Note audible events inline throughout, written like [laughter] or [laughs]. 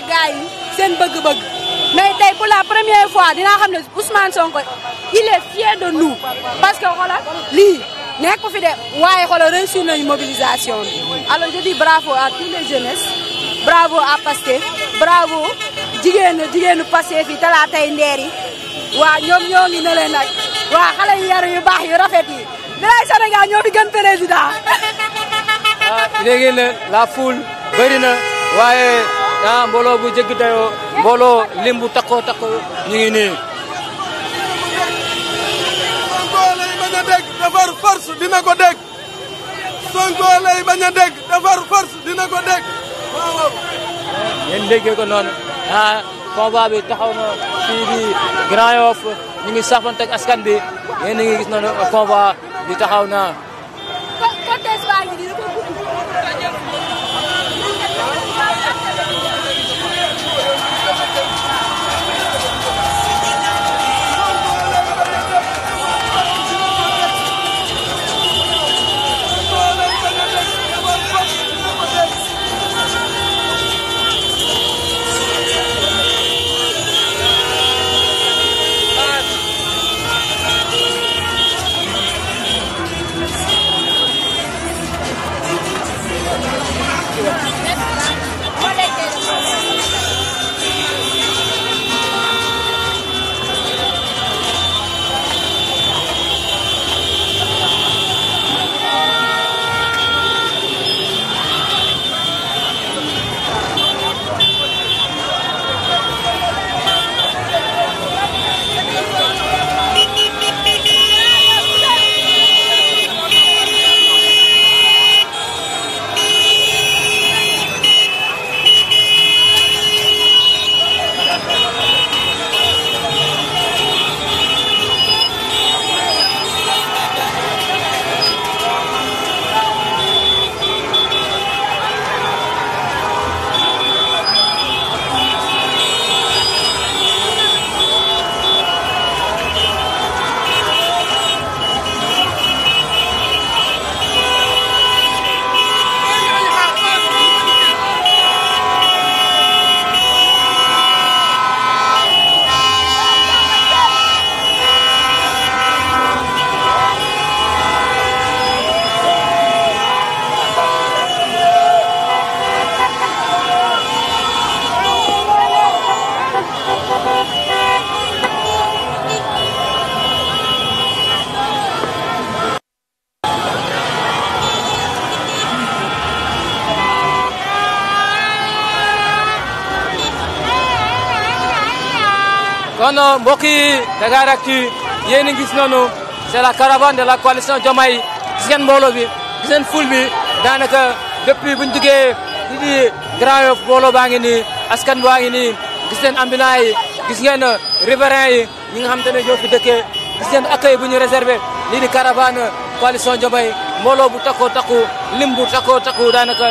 jàppale gars yi seen bëgg-bëgg mais tey pour la première fois dina xam ne Ousmane Sonko il est fier de nous parce que xoolal lii nekku fi de waaye xoolal réussir nañu mobilisation bi alors je dis bravo à tous les jeunesses bravo à Pastef bravo jigéenu jigéenu Pastef yi talaa tey ndeer waa ñoom ñoo ngi ne leen waa xale yu yaru yu baax yu rafet yi bilaay Sénégal ñoo fi gën président. waaw ah, léegi la foule bëri na waaye. ah mbooloo bu jéggi dayoo mbooloo lim bu takkoo takkoo ñu ngi nii. Sonko lay bañ a dégg defar ko dégg Sonko lay bañ a dégg defar ko dégg waaw. yéen ko noonu ah combat taxaw na fii di Grand ngi saafante ak askan bi yéen a ngi gis noonu combat bi taxaw na. kon mbokk yi Dakaractu yéen a gis noonu c'est la caravane de la gis ngeen mbooloo bi gis ngeen ful daanaka depuis bu ñu duggee di di Grand Yoff mbooloo baa ngi nii askan baa ngi gis ngeen ambulant gis ngeen riverains yi ñi nga xam te ne ñoo fi dëkkee gis ngeen accueil bu ñu réservé lii di caravane coalition Diomaye mbooloo bu takkoo takku lim bu takkoo takku daanaka.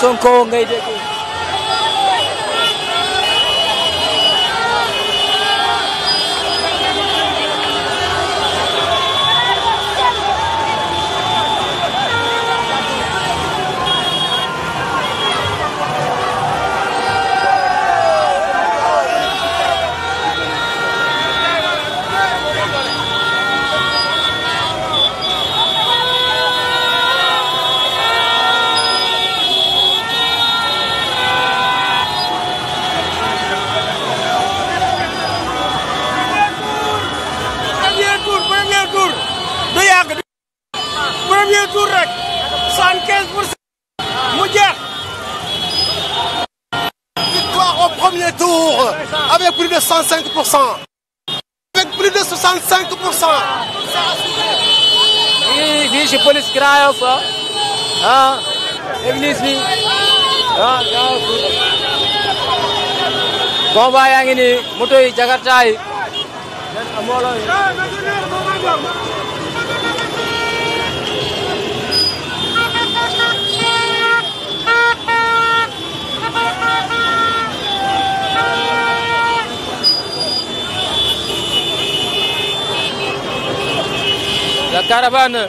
Sonko ngay dégg. Grand Yoff ah église bi ah Grand Yoff combat jakarta La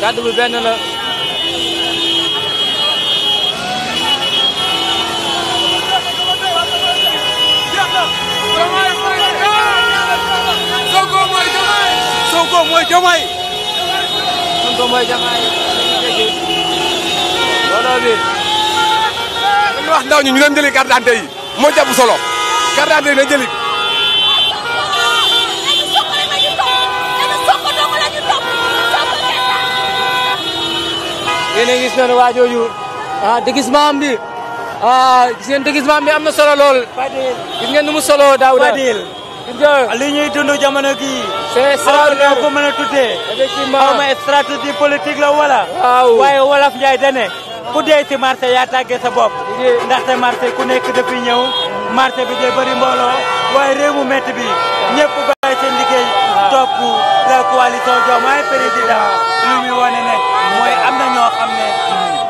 kàddu bi benn la Sonko mooy Diomaye Sonko mooy Diomaye looloo bi dañu wax ndaw ñi ñu leen jëli carte d'identité yi moo jàpp solo carte d'identité yi na jëli yéen a gis noonu waa jooju a ah, déguisement bi ah gis ngeen déguisement bi am na solo lool. Fadil gis ngeen nu mu solo Daouda Fadil. Ah, li ñuy dund jamono gii. c'est ça ko mën a tuddee. effectivement xaw ma stratégie politique la wala. waaw waaye wolof Ndiaye dane ku dee ci marché yaa tàggee sa bopp. ndaxte marché ku nekk depuis ñëw. marché bi day bëri mbooloo. waaye réew mu bi ñëpp bàyyi seen liggéey. Ah. topp la coalition Diomaye président lu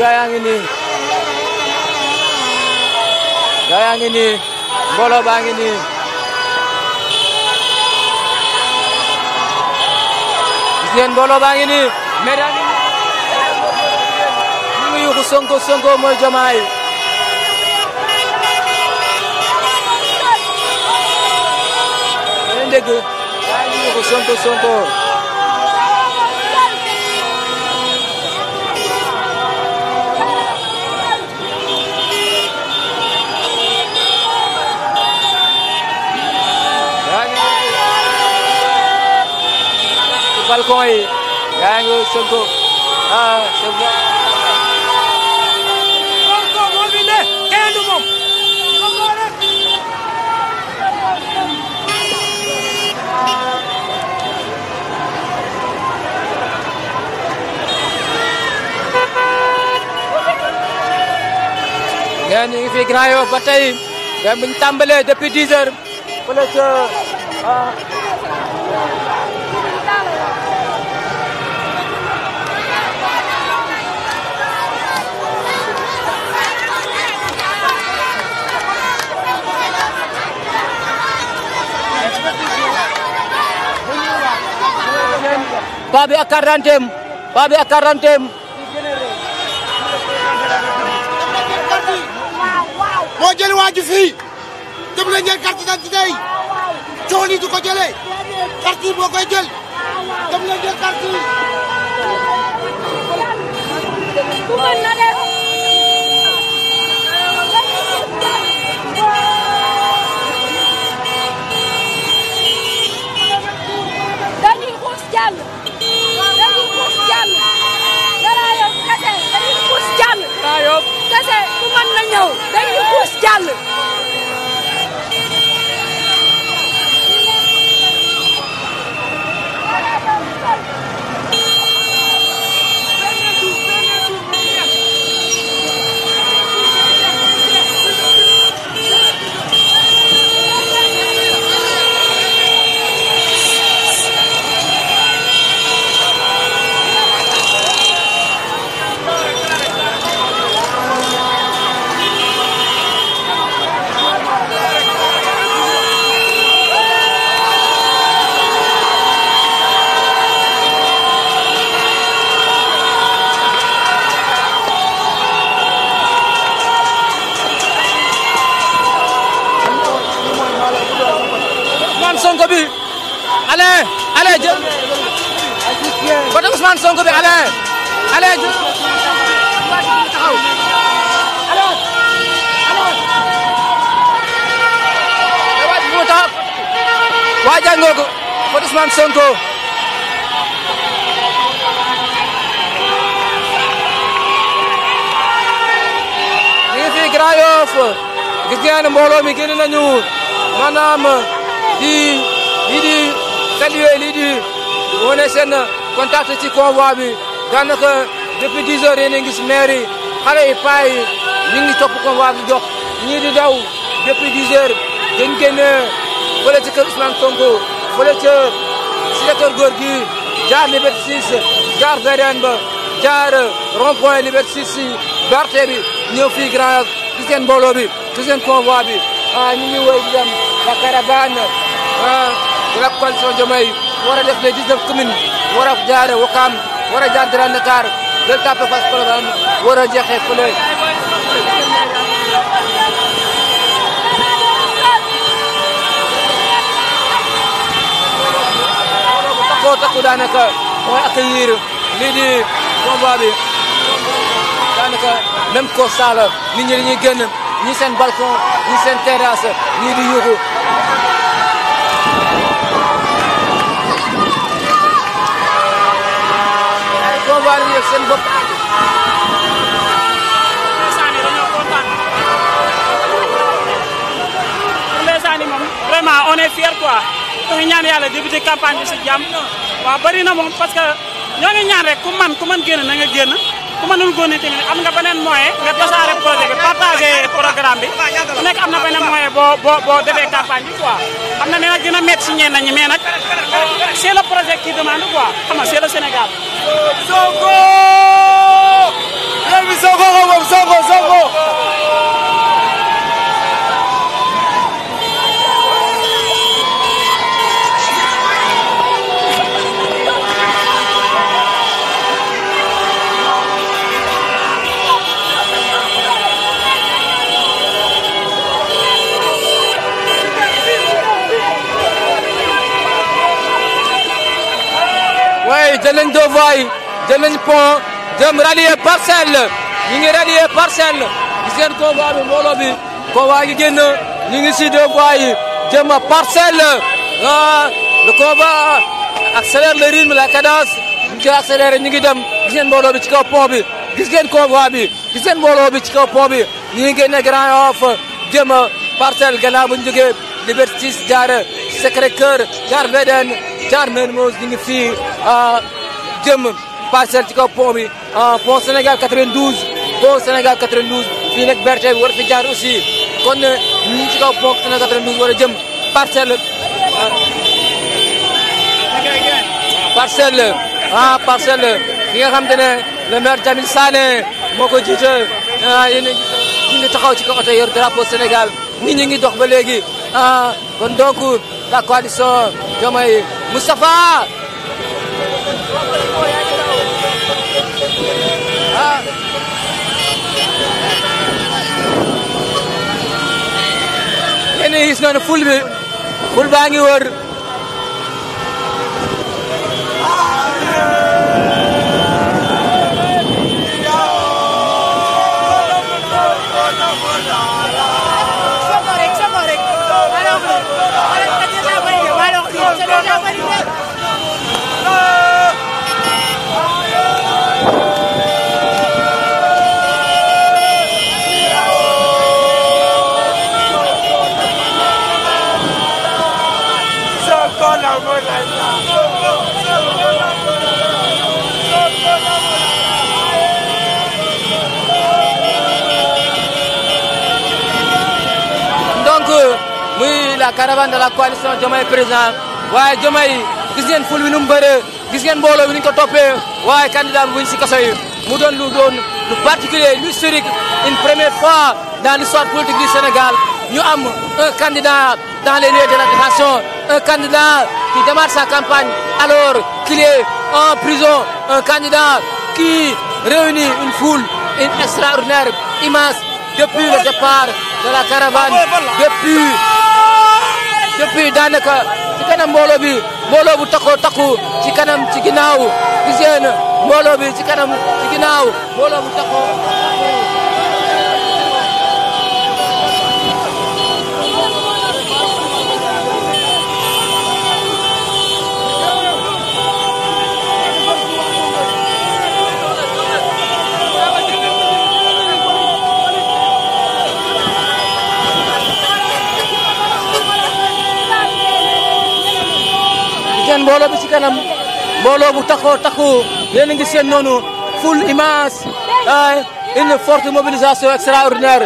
gaa yaa ngi nii gaa ngi nii mbooloo baa ngi nii gis ngeen mbooloo baa ngi nii mais daa ngi ñu ngi yuuxu Sonko Sonko mooy Diomaye ngeen dégg daa Sonko balcon ấy gang sân khấu à sân khấu ngeen ñu ngi depuis 10 heures fële paa bi ak quarantaine paa bi ak quarantaine moo jël waa ji fii dem la ñeen carte d'identité yi coon yi du ko jëlee carte yi koy jël dem la ñeen yoon la ñëw dañuy xuus jàll bi allez allez jël côté Ousmane Sonko bi allez allez jël waa jàngoo ko côté Ousmane Sonko lii fii Grand Yoff gis ngeen mbooloo mi génn nañu maanaam di lii di saluer lii di wane seen ci convoi bi daanaka depuis 10 heures a ngi gis maire yi xale yi paa yi ñu ngi topp convoi bi dox ñii di daw depuis 10 heures dañ génn fële ci kër Ousmane Sonko fële ca cité Keur Gorgui jaar Liberté 6 jaar VDN ba jaar rond-point Liberté 6 si barte bi ñëw fii Grand ci seen mbooloo bi ci seen ah, di dem ba caravane ah de la coalition Diomaye war a def les 19 communes war a jaare Wakaam war a jaar Grand Dakar Gueule Tapée Fass Colobane war a jeexee fële ko takku daanaka mooy accueillir lii di combat bi daanaka même constat la nit ñi dañuy génn ñi seen balcon ñi seen terrasse ñii di yuuxu seen bopp aaju. ndeysaan yi dañoo kontaan ndeysaan yi moom vraiment on est fier quoi ñu ñaan yàlla débuté campagne bi si jàmm waaw bari na moom parce que ñoo ngi ñaan rek ku man ku man génn na nga génn. bu mënul góone tamit am nga beneen moyen nga tasaare projet bi partagé programme bi ku nekk am na beneen moyen boo boo boo defee campagne bi quoi xam na ne nag dina métti si ñenn ñi mais nag c' est le projet qui demande quoi xam nga c' est le Sénégal. Sonko réew mi Sonko ko moom jël nañ deux voies jël nañ pont dem rallier parcel. ñu ngi rallier parcelle gis ngeen convoi bi mbooloo bi convoi gi génn ñu ngi si deux voies yi jëm parcelle le convoi accélère le rythme la cadence ñu ngi koy accéléré ñu ngi dem gis ngeen mbooloo bi ci kaw pont bi gis ngeen convoi bi Grand Yoff jëm parcelle gannaaw bu ñu jógee Liberté 6 jaar Sacré-Cœur jaar Védène jaar Mermoz ñu ngi fii jëm parcelle ci kaw pont bi pont Sénégal 92 pont Sénégal 92 fii nag berté bi war fi jaar aussi kon ñu ngi ci kaw pont Sénégal 92 war a nga xam te ne le maire Jamil Sané moo ko jiite yéen ñu ngi taxaw ci kaw oto yor drapeau Sénégal nit ñi ngi dox ba léegi ah kon donc la coalition Diomaye Mustafa. ah yéen a gis noonu ful de la coalition Diomaye président waaye Diomaye gis ngeen ful wi nu mu gis ngeen mbooloo bi ni ko candidat bi buñ si kaso yi mu lu lu particulier lu historique une première fois dans l'histoire politique du Sénégal ñu am un candidat dans les lieux de la nation, un candidat qui démarre sa campagne alors qu'il est en prison un candidat qui réunit une foule une extraordinaire immense depuis le départ de la caravane depuis depuis daanaka ci kanam mbooloo bi mbooloo bu takku takku ci kanam ci ginnaaw gis ngeen mbooloo bi ci kanam ci ginnaaw mbooloo bu takku mbooloo bi ci kanam mbooloo bu taxoo taxu yéen a ngi seen noonu foule immense ah, une forte mobilisation extraordinaire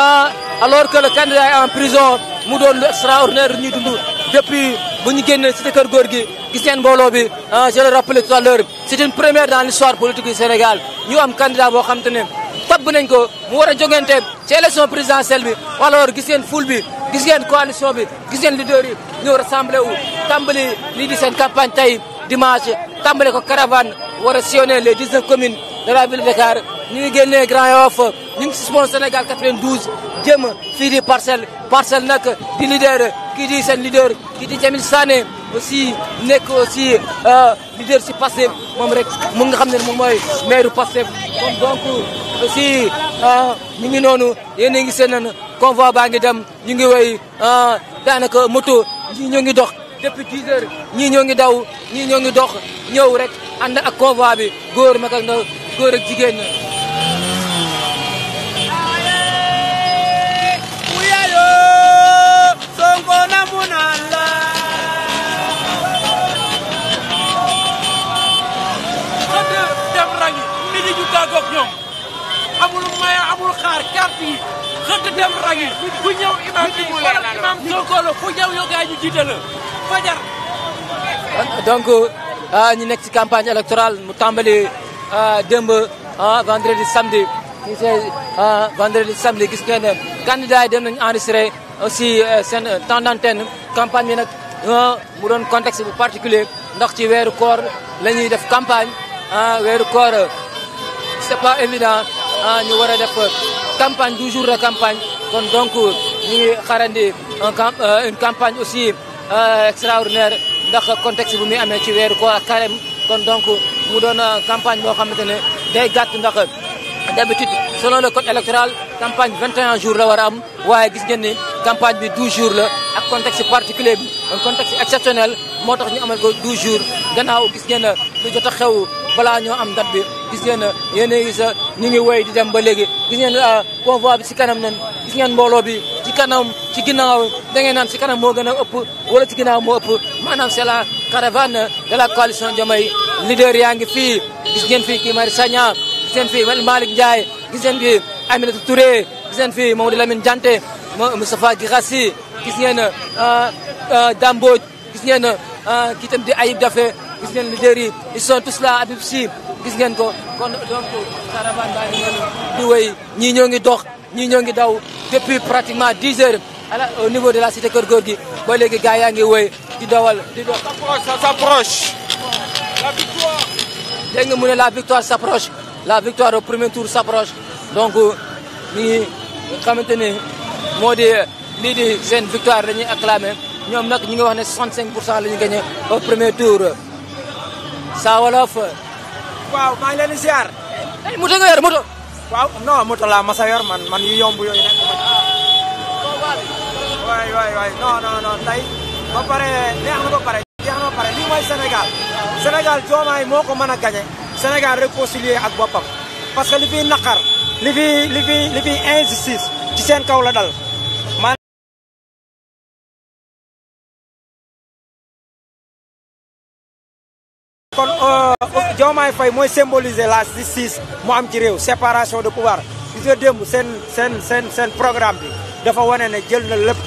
ah, alors que le candidat est en prison mu doon lu extraordinaire ñuy dund depuis bu ñu génnee cité kër góor gi gis ngeen mbooloo bi ah, je le rappelais tout à l'heure c'est une première dans l'histoire Sénégal ñu am candidat boo xam te ne tabb nañ ko mu war a jogante ci élection présidentielle bi wala war gis ngeen foule bi gis ngeen coalition bi gis ngeen yi ñëw rassemblé wu tàmbali lii di seen campagne tey dimanche tàmbale ko caravane war a sillonner les 19 communes de la ville de Dakar ñu ngi génnee Grand Yoff ñu ngi si sponsor Sénégal 92 jëm fii di parcelle parcelle nag di leader kii di seen leader kii di Jamil Sané si nekk aussi euh, leader si Pastef moom rek mu nga xam ne moom mooy maire Pastef kon donc aussi ñu euh, ngi noonu yéen a ngi seen nan convoi baa ngi dem ñu ngi woy euh, daanaka moto ñii ñoo ngi dox depuis 10 heures ñii ñoo ngi daw ñii ñoo ngi dox ñëw rek ànd ak convoi bi góor mag ak ndaw góor ak jigéen ña Sonko namu na ñoom amul maya amul xaar carte yi xëdd dem rangi ku ñëw imam bi wala imam sokolo ku ñëw yo gaay ñu jité la fajar donc euh, ñu nek ci campagne électorale mu tambali euh, demb euh, vendredi samedi ci vendredi samedi gis ngeen candidat dem nañ enregistrer aussi sen temps d'antenne campagne bi nak mu doon contexte bu particulier ndax ci wéru koor lañuy def campagne wéru koor c'est pas évident nous hein, ñu war campagne 12 jours de campagne donc nous euh, une campagne aussi euh, extraordinaire dans le contexte bu mettez amee ci weeru donc mu campagne boo xamante day selon le code électoral campagne 21 jours la war campagne de 12 jours un un contexte particulier un contexte exceptionnel moo ñu 12 jours gis lu jot a xew balaa ñoo am date bi gis ngeen yéen a gis ñu ngi wéy di dem ba léegi gis ngeen ah, convoi bi si kanam nan gis ngeen mbooloo bi ci kanam ci ginnaaw da ngeen naan si kanam moo gën a ëpp wala ci ginnaaw moo ëpp maanaam c'est la caravane de la coalition Diomaye leader yaa ngi fii gis ngeen fii kii Mari Sagna gis ngeen fii Malick Ndiaye gis ngeen fii Aminata Touré gis ngeen fii Mamadou Lamine Diante Moustapha Guirassy gis ngeen ah, ah, Dame Mbodj gis ngeen kii di Ayib Daffé ils sont tous là à Sy gis ko depuis pratiquement 10 heures au niveau de la cité Keur ça s'approche la victoire. la victoire s'approche la victoire au premier tour s'approche donc ni victoire la nous 65 au premier tour. Saa Wolof. waaw maa ngi leen di ziar. tey moto nga yor moto. waaw non moto laa mas man man yu yomb yooyu nag. waay waay waay na ba na ba pare lii mooy Sénégal. Sénégal Diomaye moo ko mën a gañe. Sénégal réconcilier ak boppam. parce que li fiy naqar li fiy li fiy li ci seen kaw la dal. kon jomay fay moy symboliser la justice mo am ci rew séparation de pouvoir ci nga démb sen sen sen seen programme bi dafa wane ne jël na lepp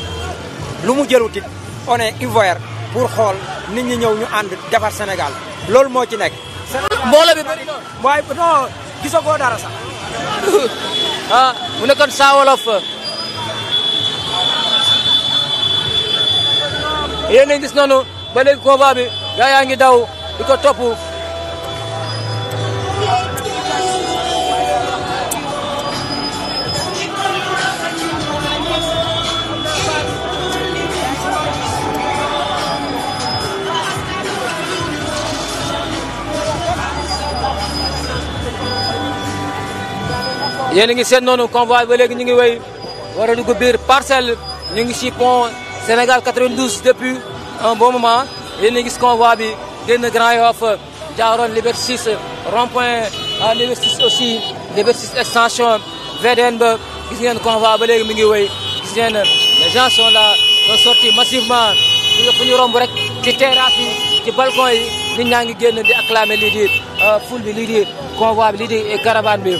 lu mu jëlutit on est ivoire pour xol nit ñi ñew ñu and défar Sénégal lool mo ci nek mbooloo bi bëri non waaye non dara sax. [laughs] ah mu nekkoon saa wolof. yéen a ngi gis noonu ba léegi bi gaa yaa ngi daw. iko ko topp ngi seen noonu convoi ba léegi ñu ngi wéy war a dugg biir parcelle ñu ngi ci pont Sénégal 92 depuis un bon moment yéen ngi gis convoi bi génn Grand Yoff jaaroon Liberté 6 rond-point ah, Liberté 6 aussi Liberté 6 extension VDN ba gis ngeen convoi ba léegi mi ngi wéy gis les gens sont là sont sortis massivement fu ñu romb rek ci terrasse yi ci balcon yi nit ñaa di acclamer lii di ah, foule de lii di convoi bi lii caravane